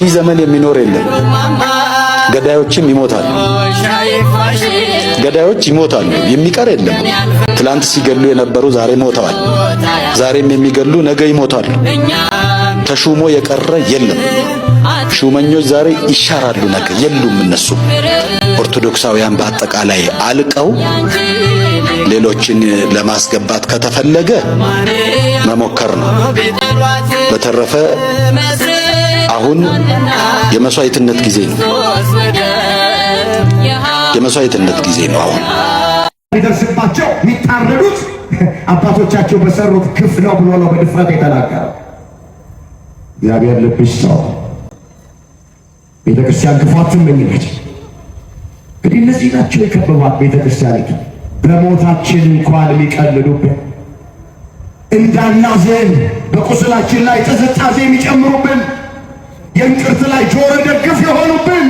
ሺህ ዘመን የሚኖር የለም። ገዳዮችም ይሞታሉ። ገዳዮች ይሞታሉ፣ የሚቀር የለም። ትላንት ሲገሉ የነበሩ ዛሬ ሞተዋል። ዛሬም የሚገሉ ነገ ይሞታሉ። ተሹሞ የቀረ የለም። ሹመኞች ዛሬ ይሻራሉ፣ ነገ የሉም። እነሱ ኦርቶዶክሳውያን በአጠቃላይ አልቀው ሌሎችን ለማስገባት ከተፈለገ መሞከር ነው። በተረፈ አሁን የመስዋዕትነት ጊዜ ነው። የመስዋዕትነት ጊዜ ነው። አሁን ሊደርስባቸው የሚታረዱት አባቶቻቸው በሰሩት ክፍ ነው ብሎ ነው በድፍረት የተናገረው። እግዚአብሔር ልብሽ ሰው ቤተክርስቲያን ግፏትን መኝነች እንግዲህ እነዚህ ናቸው የከበቧት ቤተክርስቲያኒቱ። በሞታችን እንኳን የሚቀልዱብን እንዳናዘን በቁስላችን ላይ ጥዝጣዜ የሚጨምሩብን የእንቅርት ላይ ጆሮ ደግፍ የሆኑብን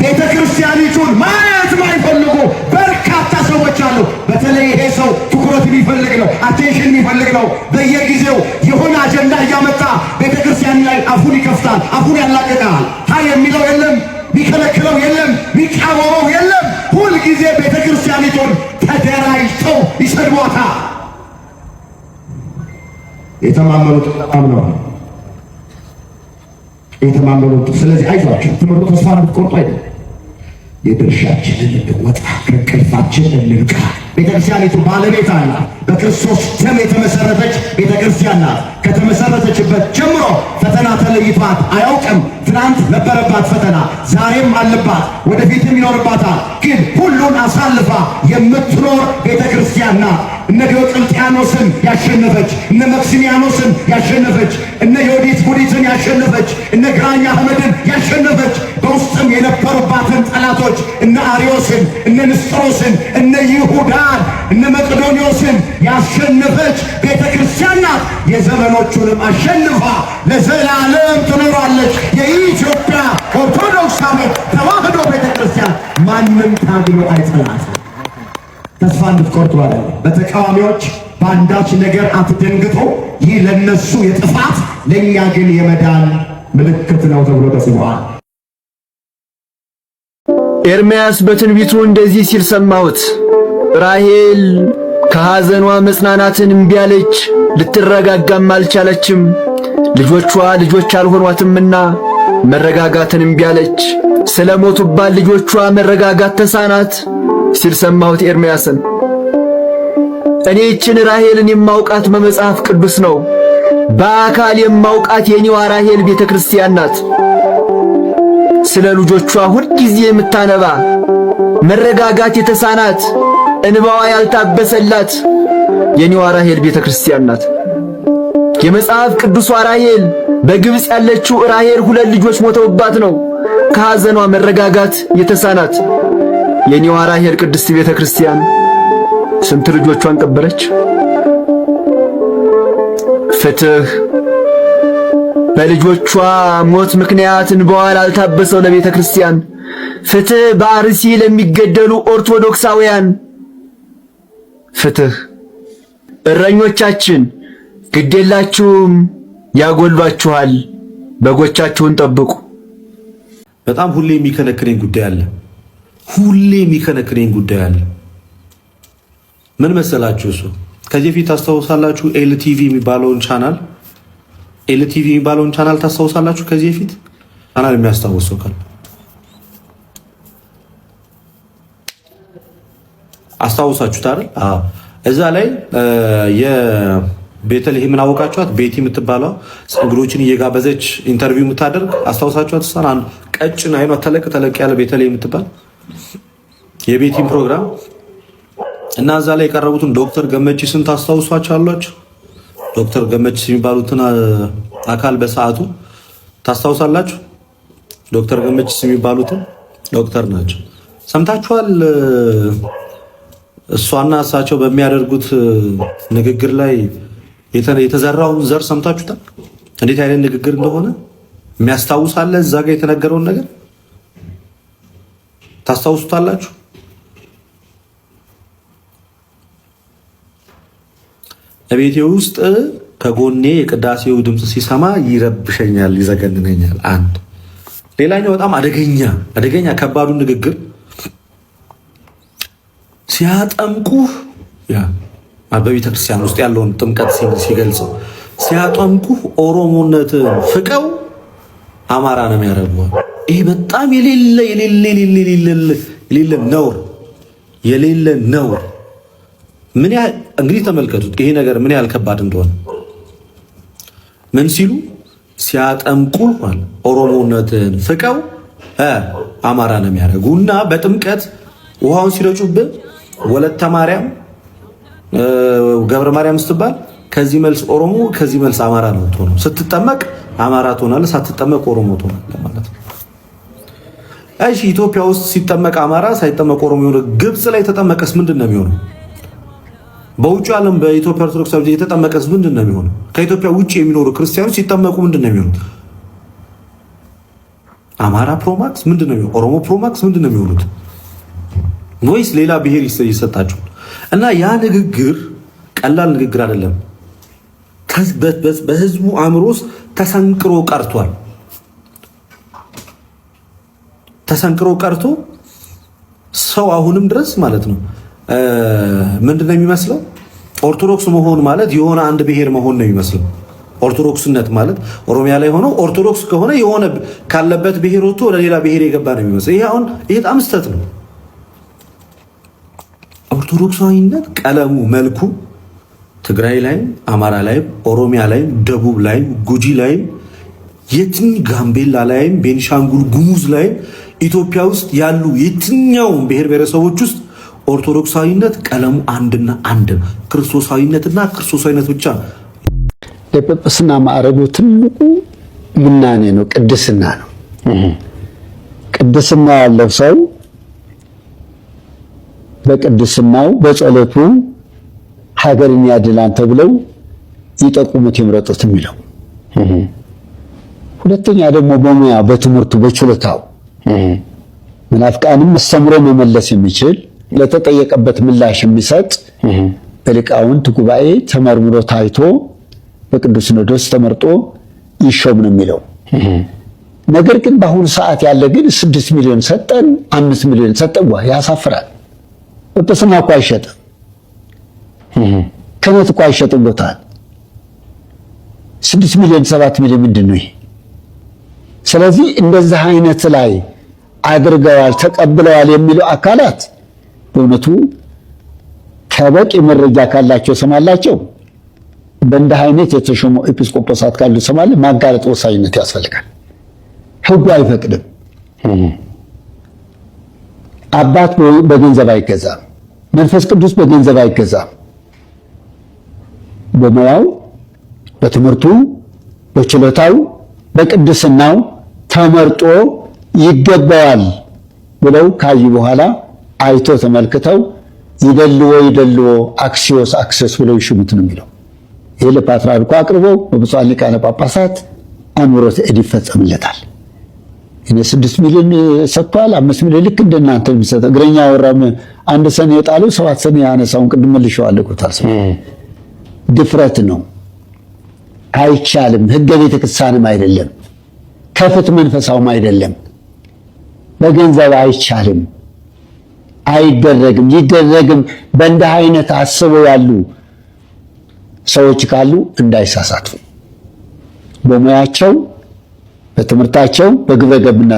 ቤተ ክርስቲያኒቱን ማየት ማይፈልጉ በርካታ ሰዎች አሉ። በተለይ ይሄ ሰው ትኩረት የሚፈልግ ነው፣ አቴንሽን የሚፈልግ ነው። በየጊዜው የሆነ አጀንዳ እያመጣ ቤተ ክርስቲያን ላይ አፉን ይከፍታል፣ አፉን ያላቅቃል። ታ የሚለው የለም፣ የሚከለክለው የለም፣ የሚቃወመው የለም። ሁልጊዜ ቤተ ክርስቲያኒቱን ተደራጅተው ይሰድቧታል። የተማመኑት ነው። የተማመኑት። ስለዚህ አይዟችሁ፣ ትምህርቱ ተስፋ እንድትቆርጡ አይደለም። የድርሻችንን እንወጣ፣ ከእንቅልፋችን እንንቃ። ቤተክርስቲያኒቱ ባለቤት አላት። በክርስቶስ ደም የተመሰረተች ቤተክርስቲያን ናት። ከተመሰረተችበት ጀምሮ ፈተና ተለይቷት አያውቅም። ትናንት ነበረባት ፈተና፣ ዛሬም አለባት፣ ወደፊትም ይኖርባታል። ግን ሁሉን አሳልፋ የምትኖር ቤተክርስቲያን ናት። እነ ዲዮቅልጥያኖስን ያሸነፈች፣ እነ መክሲሚያኖስን ያሸነፈች፣ እነ ዮዲት ጉዲትን ያሸነፈች፣ እነ ግራኝ አህመድን ያሸነፈች በውስጥም የነበሩባትን ጠላቶች እነ አሪዮስን፣ እነ ንስጥሮስን፣ እነ ይሁዳን፣ እነ መቅዶኒዮስን ያሸነፈች ቤተ ክርስቲያን ናት። የዘመኖቹንም አሸንፋ ለዘላለም ትኖራለች። የኢትዮጵያ ኦርቶዶክስ ተዋህዶ ቤተ ክርስቲያን ማንም ታግሎ አይጠላትም። ተስፋ እንድትቆርጡ አለ። በተቃዋሚዎች በአንዳች ነገር አትደንግጡ፣ ይህ ለነሱ የጥፋት ለእኛ ግን የመዳን ምልክት ነው ተብሎ ተጽፏል። ኤርምያስ በትንቢቱ እንደዚህ ሲል ሰማሁት። ራሄል ከሐዘኗ መጽናናትን እምቢ አለች፣ ልትረጋጋም አልቻለችም። ልጆቿ ልጆች አልሆኗትምና መረጋጋትን እምቢ አለች። ስለ ሞቱባት ልጆቿ መረጋጋት ተሳናት። ሲል ሰማሁት ኤርምያስን። እኔ ይችን ራሄልን የማውቃት በመጽሐፍ ቅዱስ ነው። በአካል የማውቃት የኒዋ ራሄል ቤተ ክርስቲያን ናት። ስለ ልጆቿ ሁልጊዜ የምታነባ መረጋጋት የተሳናት እንባዋ ያልታበሰላት የኒዋ ራሄል ቤተ ክርስቲያን ናት። የመጽሐፍ ቅዱሷ አራሄል በግብፅ ያለችው ራሄል ሁለት ልጆች ሞተውባት ነው ከሐዘኗ መረጋጋት የተሳናት። የኒዋራ ሄር ቅድስት ቤተ ክርስቲያን ስንት ልጆቿን ቀበረች? ፍትህ በልጆቿ ሞት ምክንያት በኋላ አልታበሰው ለቤተ ክርስቲያን ፍትህ በአርሲ ለሚገደሉ ኦርቶዶክሳውያን ፍትህ እረኞቻችን ግዴላችሁም ያጎሏችኋል፣ በጎቻችሁን ጠብቁ። በጣም ሁሌ የሚከነክነኝ ጉዳይ አለ። ሁሌ የሚከነክነኝ ጉዳይ አለ። ምን መሰላችሁ? እሱ ከዚህ በፊት ታስታውሳላችሁ፣ ኤልቲቪ የሚባለውን ቻናል ኤልቲቪ የሚባለውን ቻናል ታስታውሳላችሁ። ከዚህ በፊት ቻናል የሚያስታውሰው ካለ አስታውሳችሁት አይደል? እዛ ላይ የቤተልሔምን አወቃችኋት? ቤቲ የምትባለው እንግዶችን እየጋበዘች ኢንተርቪው የምታደርግ አስታውሳችኋት? እሷን አንድ ቀጭን አይኗ ተለቅ ተለቅ ያለ ቤተልሔም የምትባል የቤቲን ፕሮግራም እና እዛ ላይ የቀረቡትን ዶክተር ገመቺስን ታስታውሷቸዋላችሁ? ዶክተር ገመቺስ የሚባሉትን አካል በሰዓቱ ታስታውሳላችሁ? ዶክተር ገመቺስ የሚባሉትን ዶክተር ናቸው። ሰምታችኋል? እሷና እሳቸው በሚያደርጉት ንግግር ላይ የተዘራውን ዘር ሰምታችሁታል? እንዴት አይነት ንግግር እንደሆነ የሚያስታውሳለ እዛ ጋር የተነገረውን ነገር ታስታውሱታላችሁ። እቤቴ ውስጥ ከጎኔ የቅዳሴው ድምፅ ሲሰማ ይረብሸኛል፣ ይዘገንነኛል። አንድ ሌላኛው በጣም አደገኛ አደገኛ ከባዱ ንግግር ሲያጠምቁህ በቤተ ክርስቲያን ውስጥ ያለውን ጥምቀት ሲገልጸው ሲያጠምቁህ ኦሮሞነትን ፍቀው አማራ ነው የሚያደርገዋል። ይሄ በጣም የሌለ የሌለ የሌለ የሌለ የሌለ ነውር የሌለ ነውር ምን ያህል እንግዲህ ተመልከቱት፣ ይሄ ነገር ምን ያህል ከባድ እንደሆነ ምን ሲሉ ሲያጠምቁ ማለት ኦሮሞነትን ፍቀው አማራ ነው የሚያደርጉ እና በጥምቀት ውሃውን ሲረጩብህ ወለተ ማርያም ገብረ ማርያም ስትባል ከዚህ መልስ ኦሮሞ ከዚህ መልስ አማራ ነው ትሆነው። ስትጠመቅ አማራ ትሆናለህ፣ ሳትጠመቅ ኦሮሞ ትሆናለህ ማለት ነው። እሺ ኢትዮጵያ ውስጥ ሲጠመቅ አማራ ሳይጠመቅ ኦሮሞ የሆነ ግብጽ ላይ የተጠመቀስ ምንድን ነው የሚሆነው? በውጭ ዓለም በኢትዮጵያ ኦርቶዶክስ ተዋሕዶ የተጠመቀስ ምንድን ነው የሚሆነው? ከኢትዮጵያ ውጭ የሚኖሩ ክርስቲያኖች ሲጠመቁ ምንድን ነው የሚሆኑት? አማራ ፕሮማክስ ምንድን ነው የሚሆነው? ኦሮሞ ፕሮማክስ ምንድን ነው የሚሆኑት? ወይስ ሌላ ብሔር ይሰጣቸው እና ያ ንግግር ቀላል ንግግር አይደለም። በህዝቡ አእምሮ ውስጥ ተሰንቅሮ ቀርቷል። ተሰንቅሮ ቀርቶ ሰው አሁንም ድረስ ማለት ነው ምንድነው የሚመስለው? ኦርቶዶክስ መሆን ማለት የሆነ አንድ ብሔር መሆን ነው የሚመስለው። ኦርቶዶክስነት ማለት ኦሮሚያ ላይ ሆኖ ኦርቶዶክስ ከሆነ የሆነ ካለበት ብሔር ወጥቶ ወደ ሌላ ብሔር የገባ ነው የሚመስለው። ይሄ አሁን ይሄ በጣም ስተት ነው። ኦርቶዶክሳዊነት ቀለሙ፣ መልኩ ትግራይ ላይም፣ አማራ ላይም፣ ኦሮሚያ ላይም፣ ደቡብ ላይም፣ ጉጂ ላይም፣ የትን ጋምቤላ ላይም፣ ቤንሻንጉል ጉሙዝ ላይም ኢትዮጵያ ውስጥ ያሉ የትኛውም ብሔር ብሔረሰቦች ውስጥ ኦርቶዶክሳዊነት ቀለሙ አንድና አንድ ክርስቶሳዊነትና ክርስቶሳዊነት ብቻ። ለጵጵስና ማዕረጉ ትልቁ ምናኔ ነው፣ ቅድስና ነው። ቅድስና ያለው ሰው በቅድስናው በጸሎቱ ሀገርን ያድላን ተብለው ይጠቁሙት ይምረጡት የሚለው ሁለተኛ ደግሞ በሙያ በትምህርቱ በችሎታው መናፍቃንም አስተምሮ መመለስ የሚችል ለተጠየቀበት ምላሽ የሚሰጥ በሊቃውንት ጉባኤ ተመርምሮ ታይቶ በቅዱስ ሲኖዶስ ተመርጦ ይሾም ነው የሚለው። ነገር ግን በአሁኑ ሰዓት ያለ ግን ስድስት ሚሊዮን ሰጠን አምስት ሚሊዮን ሰጠን፣ ዋ ያሳፍራል። ጵጵስና እኮ አይሸጥም፣ ክህነት እኮ አይሸጥም። ቦታል ስድስት ሚሊዮን ሰባት ሚሊዮን ምንድን ነው ይሄ? ስለዚህ እንደዚህ አይነት ላይ አድርገዋል፣ ተቀብለዋል የሚሉ አካላት በእውነቱ ከበቂ መረጃ ካላቸው ሰማላቸው በእንዲህ አይነት የተሾሙ ኤጲስቆጶሳት ካሉ ሰማለ ማጋለጥ ወሳኝነት ያስፈልጋል። ህጉ አይፈቅድም። አባት በገንዘብ አይገዛም። መንፈስ ቅዱስ በገንዘብ አይገዛም። በሙያው፣ በትምህርቱ፣ በችሎታው፣ በቅድስናው ተመርጦ ይገባዋል ብለው ካዩ በኋላ አይቶ ተመልክተው ይደልዎ ይደልዎ አክሲዮስ አክሲዮስ ብለው ይሹሙት ነው የሚለው። ይህ ለፓትርያርኩ አቅርበው በብፁዓን ሊቃነ ጳጳሳት አእምሮተ እድ ይፈጸምለታል። እኔ ስድስት ሚሊዮን ሰጥቷል፣ አምስት ሚሊዮን ልክ እንደናንተ የሚሰጥ እግረኛ ወራም አንድ ሰኔ የጣሉ ሰባት ሰኔ ያነሳውን ቅድም መልሼዋለሁ። ድፍረት ነው። አይቻልም። ህገ ቤተ ክርስቲያንም አይደለም። ከፍት መንፈሳውም አይደለም። በገንዘብ አይቻልም፣ አይደረግም፣ ይደረግም በእንዲህ አይነት አስበው ያሉ ሰዎች ካሉ እንዳይሳሳቱ በሙያቸው በትምህርታቸው በግብረ ገብና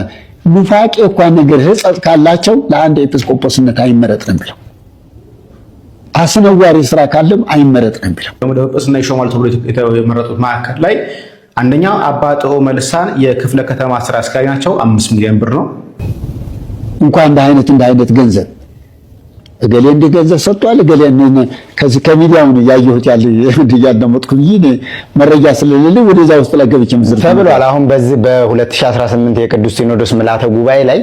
ኑፋቄ እንኳን ነገር ህጸጥ ካላቸው ለአንድ ኤጲስቆጶስነት አይመረጥንም ብለው አስነዋሪ ስራ ካለም አይመረጥንም ብለው የሚለው። ወደ ጵጵስና ይሾማል ተብሎ የመረጡት ማዕከል ላይ አንደኛው አባ ጥኦ መልሳን የክፍለ ከተማ ስራ አስኪያጅ ናቸው። አምስት ሚሊዮን ብር ነው። እንኳን እንደ አይነት እንደ አይነት ገንዘብ እገሌ እንዲህ ገንዘብ ሰጥቷል፣ እገሌ ከዚህ ከሚዲያው ነው ያየሁት ያለ እያዳመጥኩኝ መረጃ ስለሌለ ወደዛ ውስጥ ላይ ገብቼ ምስል ተብሏል። አሁን በዚህ በ2018 የቅዱስ ሲኖዶስ ምልዓተ ጉባኤ ላይ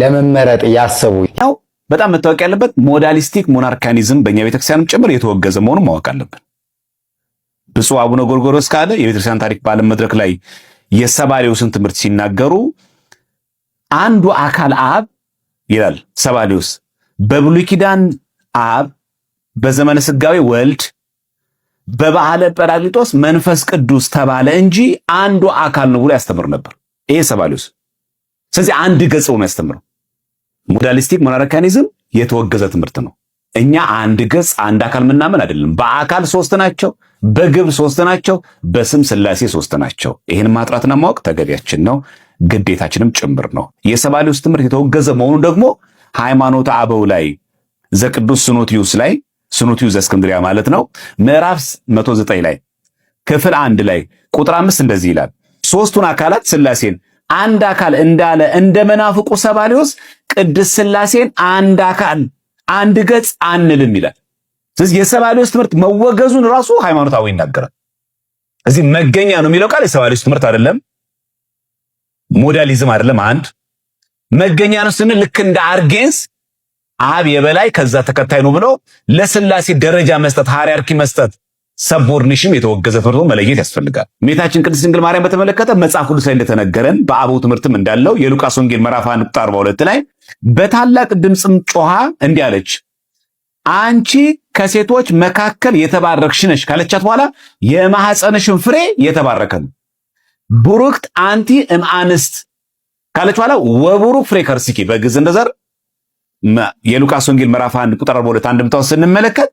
ለመመረጥ ያሰቡ ያው በጣም መታወቅ ያለበት ሞዳሊስቲክ ሞናርካኒዝም በእኛ ቤተክርስቲያንም ጭምር የተወገዘ መሆኑ ማወቅ አለብን። ብፁዕ አቡነ ጎርጎሮስ ካለ የቤተክርስቲያን ታሪክ በዓለም መድረክ ላይ የሰባሪዎስን ትምህርት ሲናገሩ አንዱ አካል አብ ይላል ሰባሊዮስ። በብሉይ ኪዳን አብ፣ በዘመነ ስጋዊ ወልድ፣ በበዓለ ጰራቅሊጦስ መንፈስ ቅዱስ ተባለ እንጂ አንዱ አካል ነው ብሎ ያስተምር ነበር ይሄ ሰባሊዮስ። ስለዚህ አንድ ገጽ ነው ያስተምረው። ሞዳሊስቲክ ሞናርካኒዝም የተወገዘ ትምህርት ነው። እኛ አንድ ገጽ አንድ አካል ምናምን አይደለም። በአካል ሶስት ናቸው፣ በግብ ሶስት ናቸው፣ በስም ስላሴ ሶስት ናቸው። ይህን ማጥራትና ማወቅ ተገቢያችን ነው። ግዴታችንም ጭምር ነው። የሰባሊውስ ትምህርት የተወገዘ መሆኑ ደግሞ ሃይማኖተ አበው ላይ ዘቅዱስ ስኖቲዩስ ላይ ስኖቲዩስ ዘእስክንድሪያ ማለት ነው ምዕራፍ 109 ላይ ክፍል አንድ ላይ ቁጥር አምስት እንደዚህ ይላል ሶስቱን አካላት ስላሴን አንድ አካል እንዳለ እንደ መናፍቁ ሰባልዮስ ቅድስት ስላሴን አንድ አካል አንድ ገጽ አንልም ይላል። ስለዚህ የሰባልዮስ ትምህርት መወገዙን ራሱ ሃይማኖታዊ ይናገራል። እዚህ መገኛ ነው የሚለው ቃል የሰባልዮስ ትምህርት አይደለም። ሞዳሊዝም አይደለም። አንድ መገኛ ነው ስንል ልክ እንደ አርጌንስ አብ የበላይ ከዛ ተከታይ ነው ብሎ ለስላሴ ደረጃ መስጠት ሃይራርኪ መስጠት ሰቦርኒሽም የተወገዘ ትምህርት መለየት ያስፈልጋል። እመቤታችን ቅድስት ድንግል ማርያም በተመለከተ መጽሐፍ ቅዱስ ላይ እንደተነገረን በአበው ትምህርትም እንዳለው የሉቃስ ወንጌል ምዕራፍ 1 ቁጥር 42 ላይ በታላቅ ድምፅም ጮሃ እንዲህ አለች፣ አንቺ ከሴቶች መካከል የተባረክሽ ነሽ ካለቻት በኋላ የማኅፀንሽን ፍሬ የተባረከ ነው። ብሩክት አንቲ እምአንስት ካለች በኋላ ወቡሩክ ፍሬ ከርሥኪ በግዕዝ እንደዘር የሉቃስ ወንጌል ምዕራፍ 1 ቁጥር 42 አንድምታውን ስንመለከት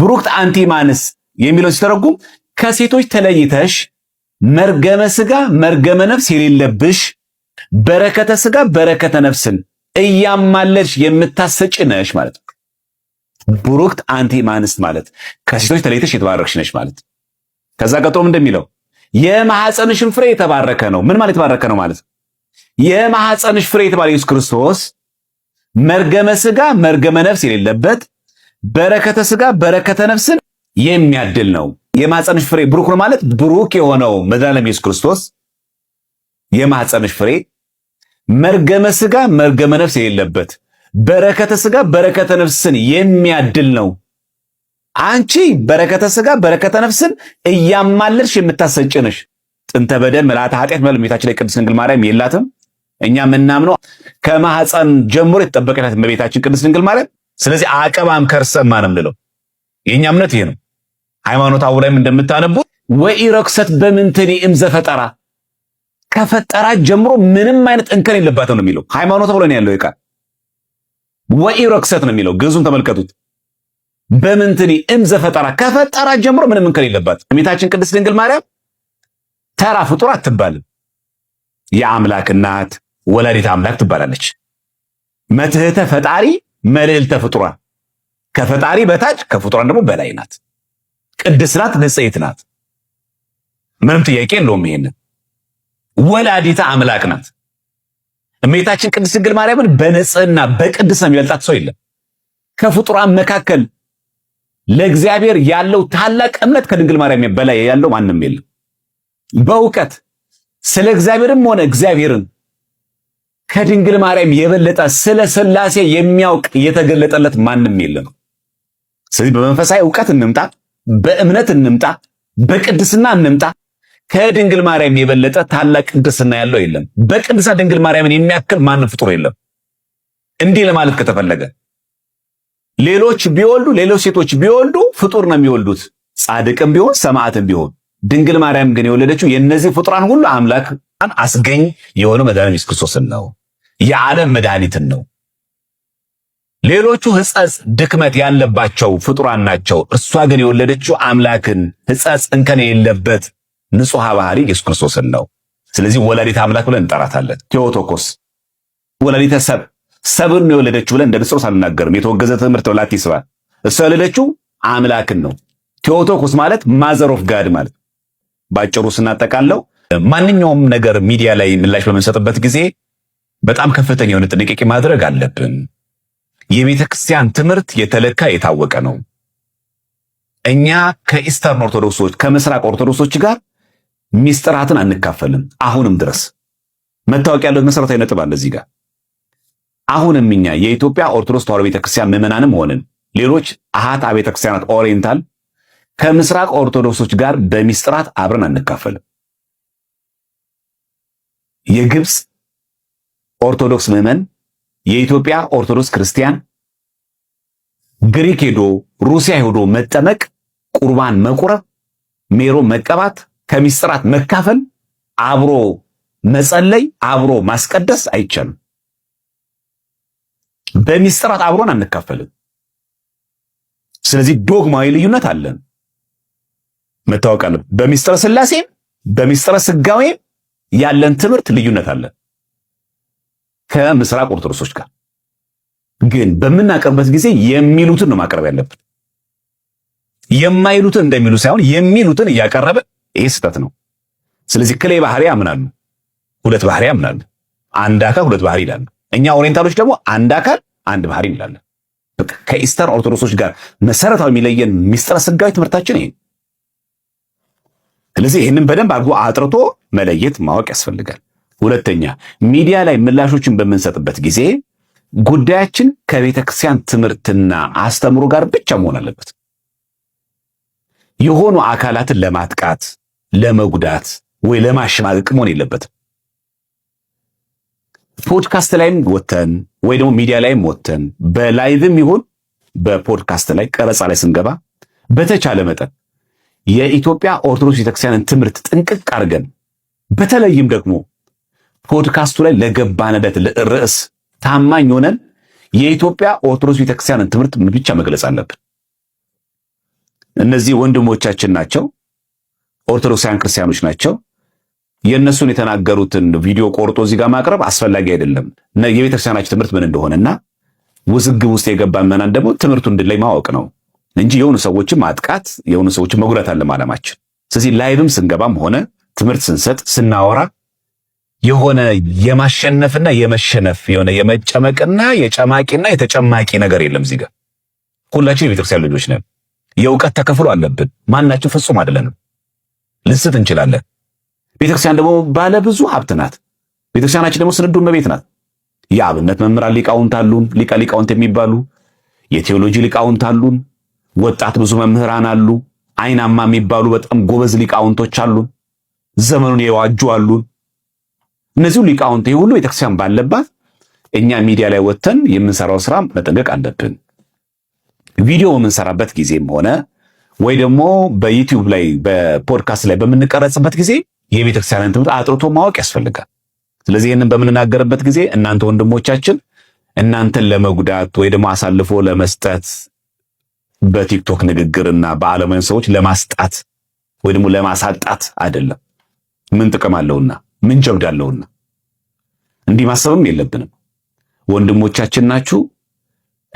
ብሩክት አንቲ እምአንስት የሚለውን ሲተረጉም ከሴቶች ተለይተሽ መርገመ ስጋ መርገመ ነፍስ የሌለብሽ በረከተ ስጋ በረከተ ነፍስን እያማለልሽ የምታሰጭ ነሽ ማለት ነው። ብሩክት አንቲ እምአንስት ማለት ከሴቶች ተለይተሽ የተባረክሽ ነሽ ማለት ከዛ ቀጥሎም እንደሚለው የማሐፀንሽን ፍሬ የተባረከ ነው። ምን ማለት የተባረከ ነው ማለት የማሐፀንሽ ፍሬ የተባለ ኢየሱስ ክርስቶስ መርገመ ስጋ መርገመ ነፍስ የሌለበት በረከተ ስጋ በረከተ ነፍስን የሚያድል ነው። የማሐፀንሽ ፍሬ ብሩክ ነው ማለት ብሩክ የሆነው መድኃኔዓለም ኢየሱስ ክርስቶስ የማሐፀንሽ ፍሬ መርገመ ስጋ መርገመ ነፍስ የሌለበት በረከተ ስጋ በረከተ ነፍስን የሚያድል ነው። አንቺ በረከተ ስጋ በረከተ ነፍስን እያማለልሽ የምታሰጭ ነሽ። ጥንተ በደል ምልአተ ኃጢአት መል ቤታችን ላይ ቅድስት ድንግል ማርያም የላትም። እኛ የምናምነው ከማህፀን ጀምሮ የተጠበቀናት በቤታችን ቅድስት ድንግል ማርያም። ስለዚህ አቀባም ከርሰማ ነው የምንለው። የእኛ እምነት ይሄ ነው። ሃይማኖት አቡ ላይም እንደምታነቡት ወኢረክሰት በምንትኒ ፈጠራ ከፈጠራ ጀምሮ ምንም አይነት እንከን የለባትም ነው የሚለው ሃይማኖት ብሎ ነው ያለው ቃል። ወኢረክሰት ነው የሚለው ግዙም ተመልከቱት። በምንትኒ እምዘ ፈጠራ ከፈጠራ ጀምሮ ምንም እንከን የለባት። እመቤታችን ቅድስት ድንግል ማርያም ተራ ፍጡር አትባልም። የአምላክ እናት ወላዲት አምላክ ትባላለች። መትህተ ፈጣሪ መልዕልተ ፍጡራን ከፈጣሪ በታች ከፍጡራን ደግሞ በላይ ናት። ቅድስት ናት፣ ንጽሕት ናት። ምንም ጥያቄ የለውም። ይሄንን ወላዲተ አምላክ ናት። እመቤታችን ቅድስት ድንግል ማርያምን በንጽህና በቅድስና የሚበልጣት ሰው የለም። ከፍጡራን መካከል ለእግዚአብሔር ያለው ታላቅ እምነት ከድንግል ማርያም በላይ ያለው ማንም የለም። በእውቀት ስለ እግዚአብሔርም ሆነ እግዚአብሔርን ከድንግል ማርያም የበለጠ ስለ ሥላሴ የሚያውቅ የተገለጠለት ማንም የለም። ስለዚህ በመንፈሳዊ እውቀት እንምጣ፣ በእምነት እንምጣ፣ በቅድስና እንምጣ። ከድንግል ማርያም የበለጠ ታላቅ ቅድስና ያለው የለም። በቅድስና ድንግል ማርያምን የሚያክል ማንም ፍጡር የለም። እንዲህ ለማለት ከተፈለገ ሌሎች ቢወልዱ ሌሎች ሴቶች ቢወልዱ ፍጡር ነው የሚወልዱት፣ ጻድቅም ቢሆን ሰማዕትም ቢሆን። ድንግል ማርያም ግን የወለደችው የእነዚህ ፍጡራን ሁሉ አምላክ አስገኝ የሆነው መድኃኒት ኢየሱስ ክርስቶስን ነው፣ የዓለም መድኃኒትን ነው። ሌሎቹ ሕፀጽ ድክመት ያለባቸው ፍጡራን ናቸው። እሷ ግን የወለደችው አምላክን ሕፀጽ እንከን የለበት ንጹሐ ባህሪ ኢየሱስ ክርስቶስን ነው። ስለዚህ ወላዲት አምላክ ብለን እንጠራታለን። ቴዎቶኮስ ወላዲተ ሰብእ ሰብን ነው የወለደችው ብለን እንደ ብስሮስ አልናገርም። የተወገዘ ትምህርት ነው ላቲስ እሷ የወለደችው አምላክን ነው። ቴዎቶኮስ ማለት ማዘር ኦፍ ጋድ ማለት ባጭሩ ስናጠቃለው ማንኛውም ነገር ሚዲያ ላይ ምላሽ በምንሰጥበት ጊዜ በጣም ከፍተኛ የሆነ ጥንቃቄ ማድረግ አለብን። የቤተ ክርስቲያን ትምህርት የተለካ የታወቀ ነው። እኛ ከኢስተርን ኦርቶዶክሶች ከምስራቅ ኦርቶዶክሶች ጋር ሚስጥራትን አንካፈልም። አሁንም ድረስ መታወቅ ያለው መሰረታዊ ነጥብ አለ እዚህ ጋር አሁንም እኛ የኢትዮጵያ ኦርቶዶክስ ተዋሕዶ ቤተክርስቲያን ምዕመናንም ሆንን ሌሎች አሃት ቤተክርስቲያናት ኦሪየንታል ከምስራቅ ኦርቶዶክሶች ጋር በሚስጥራት አብረን አንካፈልም። የግብፅ ኦርቶዶክስ ምዕመን፣ የኢትዮጵያ ኦርቶዶክስ ክርስቲያን ግሪክ ሄዶ ሩሲያ ሄዶ መጠመቅ፣ ቁርባን መቁረብ፣ ሜሮ መቀባት፣ ከሚስጥራት መካፈል፣ አብሮ መጸለይ፣ አብሮ ማስቀደስ አይቻልም። በሚስጥራት አብሮን አንካፈልም። ስለዚህ ዶግማዊ ልዩነት አለን መታወቅ አለብን። በሚስጥረ ስላሴም በሚስጥረ ስጋዌም ያለን ትምህርት ልዩነት አለን ከምስራቅ ኦርቶዶክሶች ጋር ግን በምናቀርበት ጊዜ የሚሉትን ነው ማቅረብ ያለብን። የማይሉትን እንደሚሉ ሳይሆን የሚሉትን እያቀረበ ይሄ ስህተት ነው። ስለዚህ ክሌ ባህሪ ያምናሉ፣ ሁለት ባህሪ ያምናሉ። አንድ አካል ሁለት ባህሪ ይላሉ። እኛ ኦሪየንታሎች ደግሞ አንድ አካል አንድ ባህሪ እንላለን። ከኢስተር ኦርቶዶክሶች ጋር መሰረታዊ የሚለየን ሚስጥረ ስጋዊ ትምህርታችን ይሄ። ስለዚህ ይህንን በደንብ አድርጎ አጥርቶ መለየት ማወቅ ያስፈልጋል። ሁለተኛ ሚዲያ ላይ ምላሾችን በምንሰጥበት ጊዜ ጉዳያችን ከቤተ ክርስቲያን ትምህርትና አስተምሮ ጋር ብቻ መሆን አለበት። የሆኑ አካላትን ለማጥቃት፣ ለመጉዳት ወይ ለማሸማቀቅ መሆን የለበትም። ፖድካስት ላይም ወተን ወይ ደግሞ ሚዲያ ላይም ወተን በላይቭም ይሁን በፖድካስት ላይ ቀረጻ ላይ ስንገባ በተቻለ መጠን የኢትዮጵያ ኦርቶዶክስ ቤተክርስቲያንን ትምህርት ጥንቅቅ አድርገን በተለይም ደግሞ ፖድካስቱ ላይ ለገባንበት ርዕስ ታማኝ ሆነን የኢትዮጵያ ኦርቶዶክስ ቤተክርስቲያንን ትምህርት ብቻ መግለጽ አለብን። እነዚህ ወንድሞቻችን ናቸው፣ ኦርቶዶክሳውያን ክርስቲያኖች ናቸው። የእነሱን የተናገሩትን ቪዲዮ ቆርጦ እዚህ ጋር ማቅረብ አስፈላጊ አይደለም። የቤተክርስቲያናችን ትምህርት ምን እንደሆነና ውዝግብ ውስጥ የገባ መናን ደግሞ ትምህርቱ እንድላይ ማወቅ ነው እንጂ የሆኑ ሰዎችን ማጥቃት፣ የሆኑ ሰዎችን መጉዳት አለም ዓላማችን። ስለዚህ ላይቭም ስንገባም ሆነ ትምህርት ስንሰጥ ስናወራ የሆነ የማሸነፍና የመሸነፍ የሆነ የመጨመቅና የጨማቂና የተጨማቂ ነገር የለም። እዚህ ጋር ሁላችን የቤተክርስቲያን ልጆች ነን። የእውቀት ተከፍሎ አለብን። ማናችን ፍጹም አይደለንም። ልስት እንችላለን። ቤተክርስቲያን ደግሞ ባለብዙ ሀብት ናት። ቤተክርስቲያናችን ደግሞ ስንዱ እመቤት ናት። የአብነት መምህራን ሊቃውንት አሉን፣ ሊቀ ሊቃውንት የሚባሉ የቴዎሎጂ ሊቃውንት አሉን። ወጣት ብዙ መምህራን አሉ። አይናማ የሚባሉ በጣም ጎበዝ ሊቃውንቶች አሉን። ዘመኑን የዋጁ አሉን። እነዚሁ ሊቃውንት ይህ ሁሉ ቤተክርስቲያን ባለባት እኛ ሚዲያ ላይ ወጥተን የምንሰራው ስራ መጠንቀቅ አለብን። ቪዲዮ በምንሰራበት ጊዜም ሆነ ወይ ደግሞ በዩቲዩብ ላይ በፖድካስት ላይ በምንቀረጽበት ጊዜ የቤተክርስቲያንን ትምህርት አጥርቶ ማወቅ ያስፈልጋል። ስለዚህ ይህንን በምንናገርበት ጊዜ እናንተ ወንድሞቻችን እናንተን ለመጉዳት ወይ ደግሞ አሳልፎ ለመስጠት በቲክቶክ ንግግርና በዓለማውያን ሰዎች ለማስጣት ወይ ደግሞ ለማሳጣት አይደለም። ምን ጥቅም አለውና ምን ጀብድ አለውና እንዲህ ማሰብም የለብንም። ወንድሞቻችን ናችሁ።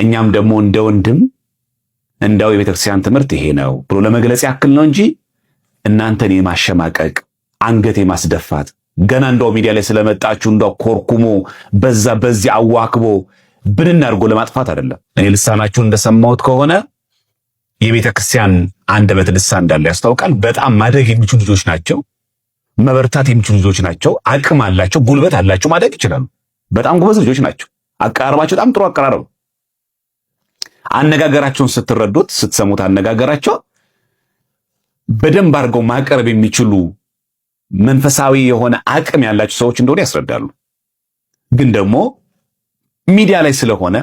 እኛም ደግሞ እንደ ወንድም እንዳው የቤተክርስቲያን ትምህርት ይሄ ነው ብሎ ለመግለጽ ያክል ነው እንጂ እናንተን የማሸማቀቅ አንገት የማስደፋት ገና እንደው ሚዲያ ላይ ስለመጣችሁ እንዳው ኮርኩሞ በዛ በዚህ አዋክቦ ብንና አድርጎ ለማጥፋት አይደለም። እኔ ልሳናችሁን እንደሰማሁት ከሆነ የቤተ ክርስቲያን አንደበት ልሳን እንዳለ ያስታውቃል። በጣም ማደግ የሚችሉ ልጆች ናቸው፣ መበርታት የሚችሉ ልጆች ናቸው፣ አቅም አላቸው፣ ጉልበት አላቸው፣ ማደግ ይችላሉ። በጣም ጎበዝ ልጆች ናቸው። አቀራረባቸው በጣም ጥሩ አቀራረብ። አነጋገራቸውን ስትረዱት ስትሰሙት አነጋገራቸው በደንብ አድርገው ማቅረብ የሚችሉ መንፈሳዊ የሆነ አቅም ያላቸው ሰዎች እንደሆነ ያስረዳሉ። ግን ደግሞ ሚዲያ ላይ ስለሆነ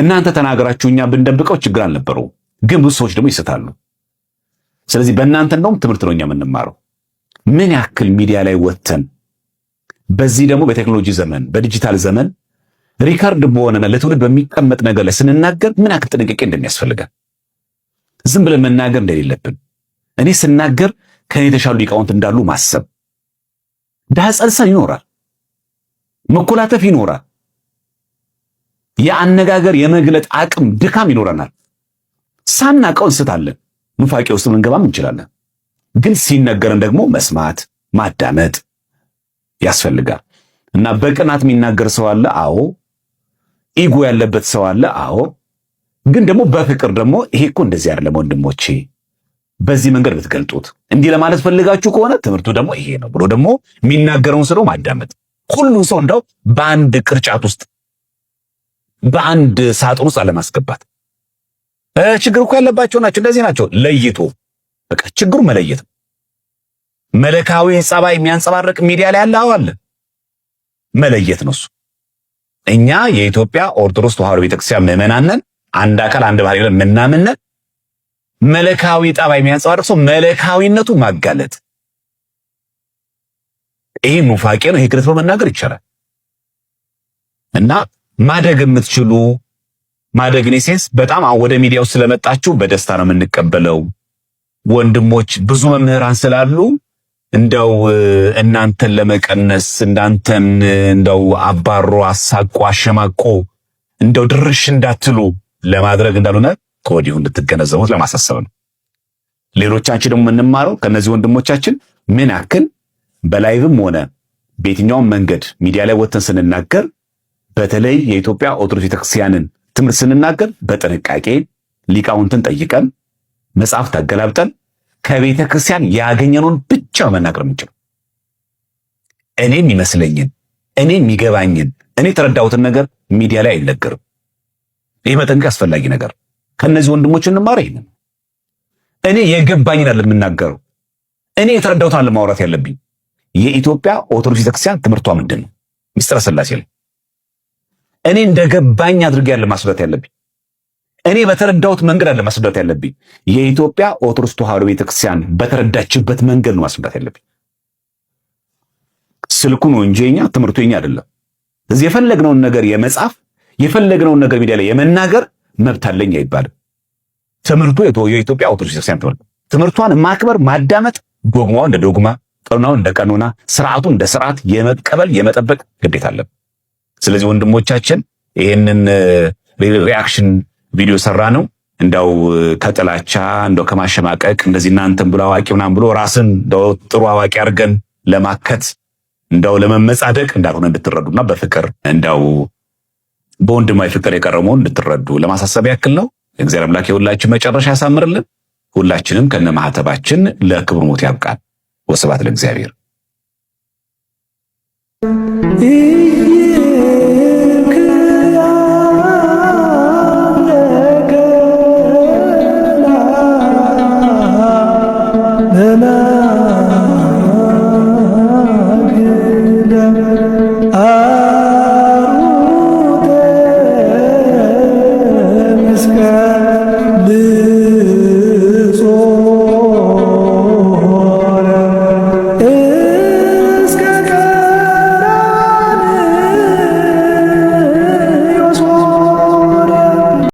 እናንተ ተናገራችሁ እኛ ብንደብቀው ችግር አልነበረውም። ግን ብዙ ሰዎች ደግሞ ይስታሉ። ስለዚህ በእናንተ እንደውም ትምህርት ነው እኛ የምንማረው ምን ያክል ሚዲያ ላይ ወጥተን በዚህ ደግሞ በቴክኖሎጂ ዘመን በዲጂታል ዘመን ሪከርድ በሆነና ለትውልድ በሚቀመጥ ነገር ላይ ስንናገር ምን ያክል ጥንቃቄ እንደሚያስፈልገን ዝም ብለን መናገር እንደሌለብን እኔ ስናገር ከኔ የተሻሉ ሊቃውንት እንዳሉ ማሰብ። ዳህ ጸልሰን ይኖራል፣ መኮላተፍ ይኖራል፣ የአነጋገር የመግለጥ አቅም ድካም ይኖረናል። ሳናቀው እንስታለን፣ ኑፋቄ ውስጥ ልንገባም እንችላለን። ግን ሲነገርን ደግሞ መስማት ማዳመጥ ያስፈልጋል። እና በቅናት የሚናገር ሰው አለ፣ አዎ። ኢጎ ያለበት ሰው አለ፣ አዎ። ግን ደግሞ በፍቅር ደግሞ ይሄ እኮ እንደዚህ አይደለም ወንድሞቼ በዚህ መንገድ ብትገልጡት እንዲህ ለማለት ፈልጋችሁ ከሆነ ትምህርቱ ደግሞ ይሄ ነው ብሎ ደግሞ የሚናገረውን ስለው ማዳመጥ። ሁሉ ሰው እንደው በአንድ ቅርጫት ውስጥ በአንድ ሳጥን ውስጥ አለማስገባት። ችግር እኮ ያለባቸው ናቸው እንደዚህ ናቸው ለይቶ በቃ ችግሩ መለየት ነው። መለካዊ ጸባይ የሚያንጸባርቅ ሚዲያ ላይ ያለ አለ መለየት ነው እሱ። እኛ የኢትዮጵያ ኦርቶዶክስ ተዋህዶ ቤተክርስቲያን ምዕመናን ነን። አንድ አካል አንድ ባህሪ ብለን ምናምን ነን። መለካዊ ጠባይ የሚያንጸባርቅ ሰው መለካዊነቱ ማጋለጥ ይሄ ኑፋቄ ነው። ይሄ ክለት በመናገር ይቻላል። እና ማደግ የምትችሉ ማደግ ኔሴንስ በጣም ወደ ሚዲያው ስለመጣችሁ በደስታ ነው የምንቀበለው። ወንድሞች ብዙ መምህራን ስላሉ እንደው እናንተን ለመቀነስ እናንተን እንደው አባሮ አሳቆ አሸማቆ እንደው ድርሽ እንዳትሉ ለማድረግ እንዳልሆነ ከወዲሁ እንድትገነዘቡት ለማሳሰብ ነው። ሌሎቻችን ደግሞ የምንማረው ከእነዚህ ወንድሞቻችን ምን ያክል በላይቭም ሆነ በየትኛውም መንገድ ሚዲያ ላይ ወጥተን ስንናገር በተለይ የኢትዮጵያ ኦርቶዶክስ ቤተክርስቲያንን ትምህርት ስንናገር በጥንቃቄ ሊቃውንትን ጠይቀን መጽሐፍ አገላብጠን ከቤተ ክርስቲያን ያገኘነውን ብቻ መናገር ምንችል እኔ የሚመስለኝን እኔ የሚገባኝን እኔ የተረዳሁትን ነገር ሚዲያ ላይ አይነገርም። ይህ መጠንቀቅ አስፈላጊ ነገር ከነዚህ ወንድሞች እንማር። ይሄንን እኔ የገባኝን አለ የምናገረው፣ እኔ የተረዳሁትን አለ ማውራት ያለብኝ። የኢትዮጵያ ኦርቶዶክስ ቤተክርስቲያን ትምህርቷ ምንድን ነው? ሚስጥረ ስላሴ ላይ እኔ እንደገባኝ አድርጌ ያለ ማስረዳት ያለብኝ፣ እኔ በተረዳሁት መንገድ አለ ማስረዳት ያለብኝ። የኢትዮጵያ ኦርቶዶክስ ተዋህዶ ቤተክርስቲያን በተረዳችበት መንገድ ነው ማስረዳት ያለብኝ። ስልኩን ወንጂ የኛ ትምህርቱ የኛ አይደለም። እዚህ የፈለግነውን ነገር የመጻፍ የፈለግነውን ነገር ሚዲያ ላይ የመናገር መብት አለኝ አይባልም። ትምህርቱ የኢትዮጵያ ኦርቶዶክስ ክርስቲያን ትምህርት ትምህርቷን ማክበር፣ ማዳመጥ፣ ዶግማው እንደ ዶግማ፣ ቀኖናው እንደ ቀኖና፣ ስርዓቱ እንደ ስርዓት የመቀበል የመጠበቅ ግዴታ አለ። ስለዚህ ወንድሞቻችን ይህንን ሪአክሽን ቪዲዮ ሰራ ነው እንዳው ከጥላቻ እንደው ከማሸማቀቅ እንደዚህ እናንተን ብሎ አዋቂ ምናምን ብሎ ራስን እንደው ጥሩ አዋቂ አድርገን ለማከት እንደው ለመመጻደቅ እንዳልሆነ እንድትረዱና በፍቅር እንደው በወንድማዊ ፍቅር የቀረበ እንድትረዱ ለማሳሰብ ያክል ነው። እግዚአብሔር አምላክ የሁላችን መጨረሻ ያሳምርልን። ሁላችንም ከነ ማህተባችን ለክብር ሞት ያብቃል። ወስብሐት ለእግዚአብሔር። Amen.